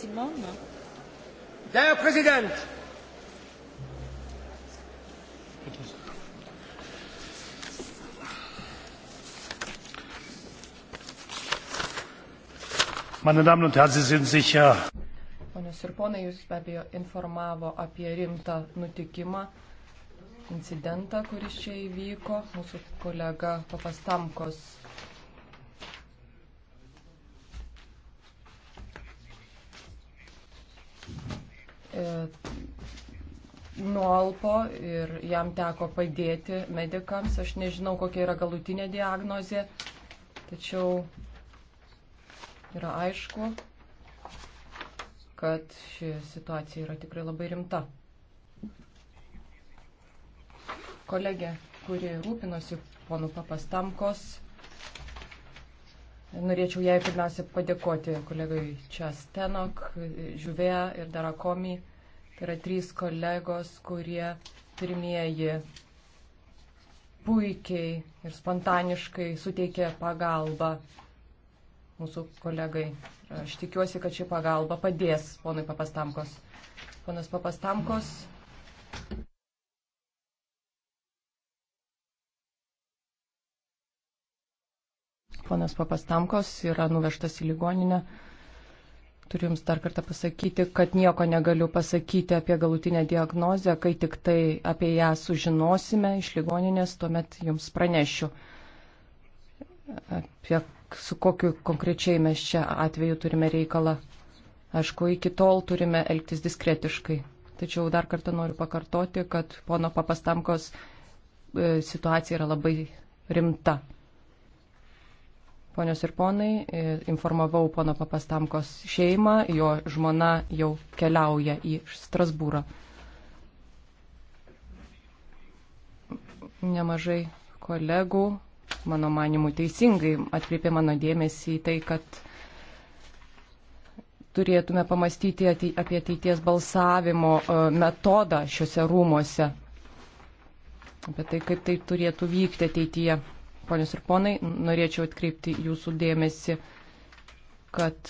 Simon. Der Präsident! Meine Damen und Herren, Sie sind sicher. Ponios ir ponai, jūs be abejo informavo apie rimtą nutikimą, incidentą, kuris čia įvyko. Mūsų kolega Papastamkos E, nuolpo ir jam teko padėti medikams. Aš nežinau, kokia yra galutinė diagnozė, tačiau yra aišku, kad ši situacija yra tikrai labai rimta. Kolegė, kuri rūpinosi ponų papastamkos Norėčiau jai pirmiausia padėkoti kolegai Čiastenok, Žuvėja ir Darakomi. Tai yra trys kolegos, kurie pirmieji puikiai ir spontaniškai suteikė pagalbą mūsų kolegai. Aš tikiuosi, kad ši pagalba padės ponui Papastamkos. Ponas Papastamkos Ponas Papastamkos yra nuvežtas į ligoninę. Turiu Jums dar kartą pasakyti, kad nieko negaliu pasakyti apie galutinę diagnozę. Kai tik tai apie ją sužinosime iš ligoninės, tuomet Jums pranešiu, apie, su kokiu konkrečiai mes čia atveju turime reikalą. Aišku, iki tol turime elgtis diskretiškai. Tačiau dar kartą noriu pakartoti, kad pono papastamkos e, situacija yra labai rimta. Ponios ir ponai, e, informavau pono Papastamkos šeimą, jo žmona jau keliauja į Strasbūrą. Nemažai kolegų, mano manimu, teisingai atkreipė mano dėmesį į tai, kad turėtume pamastyti apie ateities balsavimo e, metodą šiuose rūmose, apie tai, kaip tai turėtų vykti ateityje. Ponios ir ponai, norėčiau atkreipti jūsų dėmesį, kad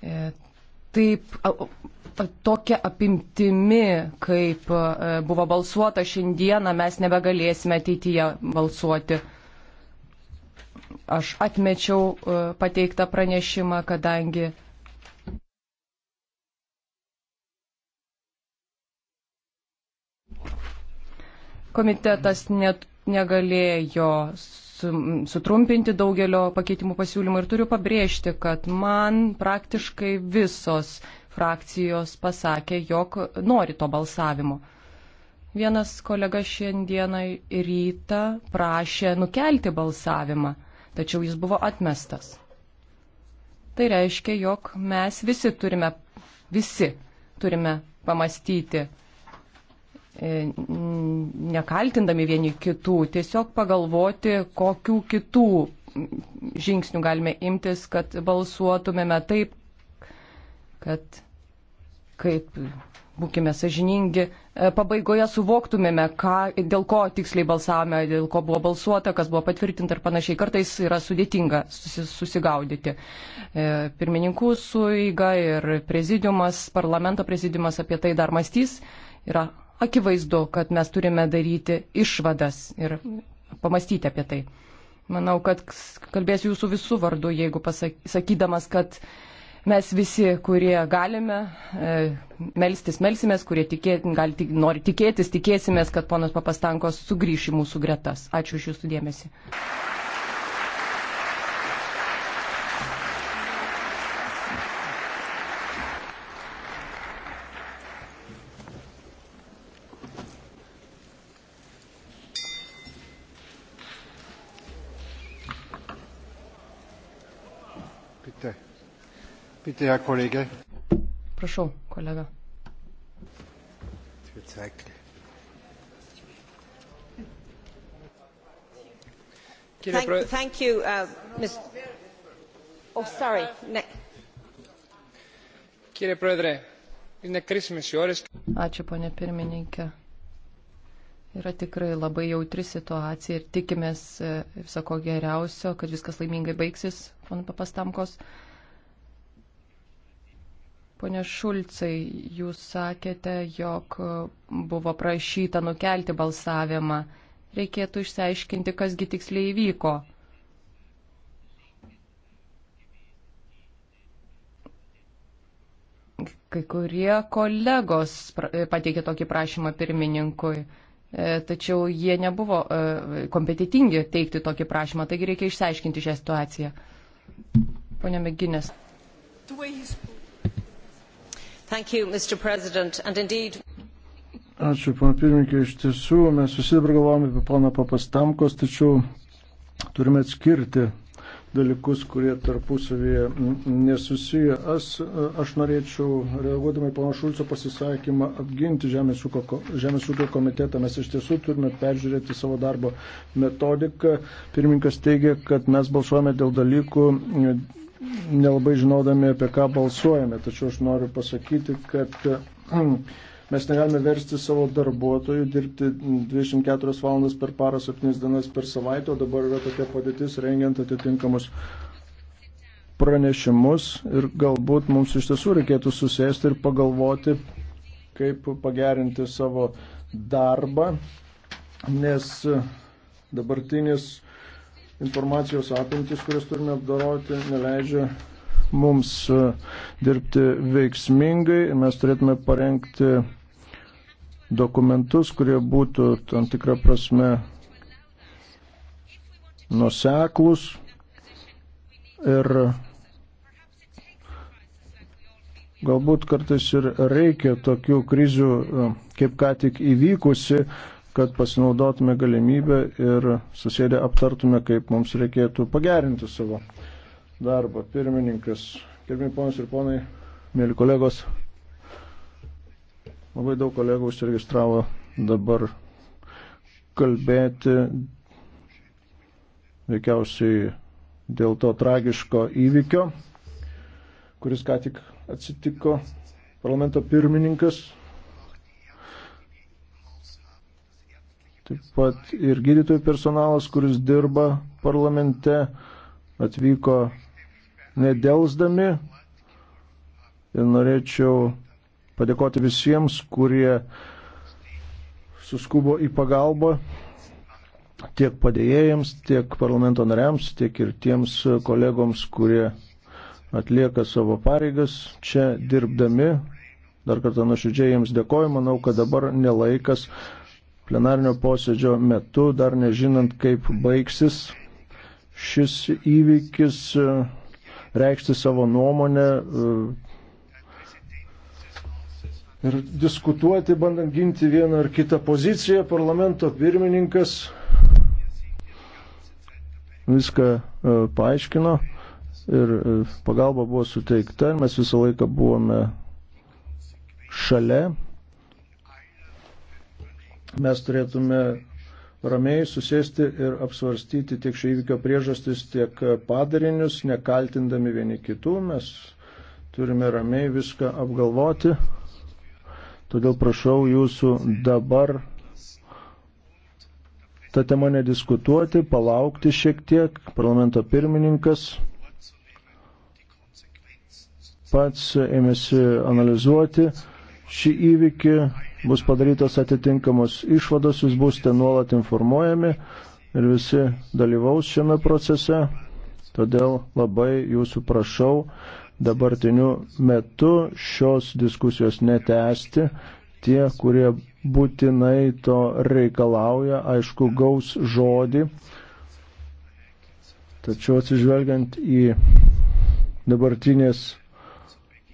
e, taip tokia apimtimi, kaip e, buvo balsuota šiandieną, mes nebegalėsime ateityje balsuoti. Aš atmečiau e, pateiktą pranešimą, kadangi Komitetas net negalėjo sutrumpinti daugelio pakeitimų pasiūlymų ir turiu pabrėžti, kad man praktiškai visos frakcijos pasakė, jog nori to balsavimo. Vienas kolega šiandieną rytą prašė nukelti balsavimą, tačiau jis buvo atmestas. Tai reiškia, jog mes visi turime, visi turime pamastyti E, nekaltindami vieni kitų, tiesiog pagalvoti, kokių kitų žingsnių galime imtis, kad balsuotumėme taip, kad kaip būkime sažiningi, e, pabaigoje suvoktumėme, ką, dėl ko tiksliai balsavome, dėl ko buvo balsuota, kas buvo patvirtinta ir panašiai. Kartais yra sudėtinga susigaudyti. E, pirmininkų suiga ir prezidiumas, parlamento prezidiumas apie tai dar mąstys. Yra akivaizdu, kad mes turime daryti išvadas ir pamastyti apie tai. Manau, kad kalbėsiu jūsų visų vardu, jeigu pasakydamas, kad mes visi, kurie galime e, melstis, melsimės, kurie tikė, gali, tik, nori tikėtis, tikėsimės, kad ponas Papastankos sugrįš į mūsų gretas. Ačiū iš jūsų dėmesį. Bitte, Herr Kollege. Prašau, kolega. Thank, thank you, uh, Ms. Oh, sorry. Ne. Κύριε Πρόεδρε, είναι κρίσιμες οι ώρες. Ačiū, ponė pirmininkė. Yra tikrai labai jautri situacija ir tikimės e, visako geriausio, kad viskas laimingai baigsis, ponė Papastamkos. Uh, Pone Šulcai, jūs sakėte, jog buvo prašyta nukelti balsavimą. Reikėtų išsiaiškinti, kasgi tiksliai įvyko. Kai kurie kolegos pateikė tokį prašymą pirmininkui, e, tačiau jie nebuvo e, kompetitingi teikti tokį prašymą, taigi reikia išsiaiškinti šią situaciją. Pone Meginės. The way he's... You, indeed... Ačiū, pana pirmininkė, iš tiesų mes visi dabar galvojame apie pana papastamkos, tačiau turime atskirti dalykus, kurie tarpusavėje nesusiję. Aš, aš norėčiau, reaguodama į pana Šulco pasisakymą, apginti Žemės ūkio, Žemės ūkio komitetą. Mes iš tiesų turime peržiūrėti savo darbo metodiką. Pirmininkas teigia, kad mes balsuojame dėl dalykų nelabai žinodami, apie ką balsuojame. Tačiau aš noriu pasakyti, kad mes negalime versti savo darbuotojų dirbti 24 valandas per parą, 7 dienas per savaitę, o dabar yra tokia padėtis rengiant atitinkamus pranešimus ir galbūt mums iš tiesų reikėtų susėsti ir pagalvoti, kaip pagerinti savo darbą, nes dabartinis informacijos apimtis, kurias turime apdaroti, neleidžia mums e, dirbti veiksmingai ir mes turėtume parengti dokumentus, kurie būtų tam tikrą prasme nuseklus ir galbūt kartais ir reikia tokių krizių, e, kaip ką tik įvykusi, kad pasinaudotume galimybę ir susėdę aptartume, kaip mums reikėtų pagerinti savo darbą. Pirmininkas, gerbimi ponas ir ponai, mėly kolegos, labai daug kolegų užsiregistravo dabar kalbėti veikiausiai dėl to tragiško įvykio, kuris ką tik atsitiko parlamento pirmininkas Taip pat ir gydytojų personalas, kuris dirba parlamente, atvyko nedelsdami. Ir norėčiau padėkoti visiems, kurie suskubo į pagalbą tiek padėjėjams, tiek parlamento nariams, tiek ir tiems kolegoms, kurie atlieka savo pareigas čia dirbdami. Dar kartą nuoširdžiai jiems dėkoju, manau, kad dabar nelaikas plenarnio posėdžio metu, dar nežinant, kaip baigsis šis įvykis, e, reikšti savo nuomonę e, ir diskutuoti, bandant ginti vieną ar kitą poziciją. Parlamento pirmininkas viską e, paaiškino ir pagalba buvo suteikta ir mes visą laiką buvome šalia mes turėtume ramiai susėsti ir apsvarstyti tiek šio įvykio priežastis, tiek padarinius, nekaltindami vieni kitų. Mes turime ramiai viską apgalvoti. Todėl prašau jūsų dabar tą temą nediskutuoti, palaukti šiek tiek. Parlamento pirmininkas pats ėmėsi analizuoti šį įvykį, bus padarytos atitinkamos išvados, jūs būsite nuolat informuojami ir visi dalyvaus šiame procese. Todėl labai jūsų prašau dabartiniu metu šios diskusijos netesti. Tie, kurie būtinai to reikalauja, aišku, gaus žodį. Tačiau atsižvelgiant į dabartinės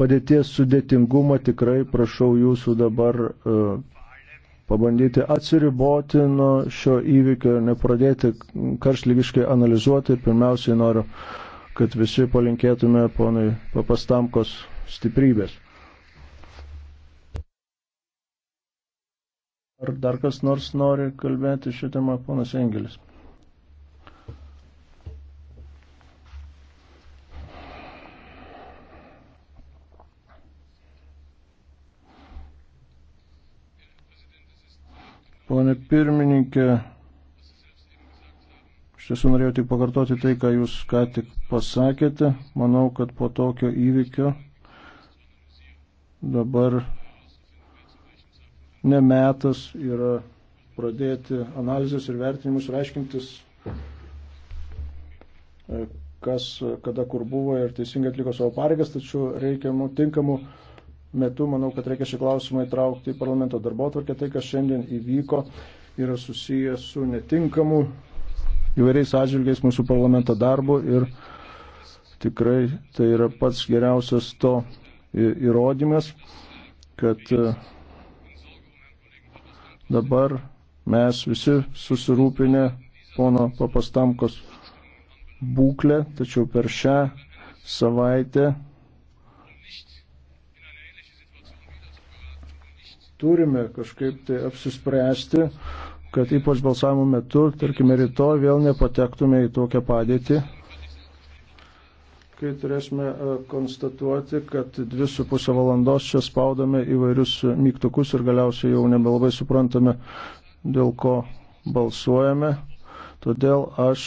padėties sudėtingumą, tikrai prašau jūsų dabar e, pabandyti atsiriboti nuo šio įvykio, nepradėti karšlygiškai analizuoti ir pirmiausiai noriu, kad visi palinkėtume ponui papastamkos stiprybės. Ar dar kas nors nori kalbėti šią temą, ponas Engelis? Pone pirmininkė, iš tiesų norėjau tik pakartoti tai, ką jūs ką tik pasakėte. Manau, kad po tokio įvykio dabar nemetas yra pradėti analizės ir vertinimus ir aiškintis, e, kas kada kur buvo ir teisingai atliko savo pareigas, tačiau reikia tinkamų metu. Manau, kad reikia šį klausimą įtraukti į parlamento darbo tvarkę. Tai, kas šiandien įvyko, yra susijęs su netinkamu įvairiais atžvilgiais mūsų parlamento darbu ir tikrai tai yra pats geriausias to įrodymas, kad e, dabar mes visi susirūpinę pono papastamkos būklę, tačiau per šią savaitę turime kažkaip tai apsispręsti, kad ypač balsavimo metu, tarkime, rytoj vėl nepatektume į tokią padėtį, kai turėsime e, konstatuoti, kad dvi su pusę valandos čia spaudome įvairius mygtukus ir galiausiai jau nebelabai suprantame, dėl ko balsuojame. Todėl aš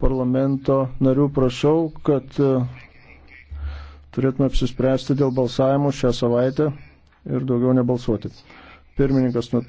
parlamento narių prašau, kad e, turėtume apsispręsti dėl balsavimų šią savaitę ir daugiau nebalsuoti. Pirmininkas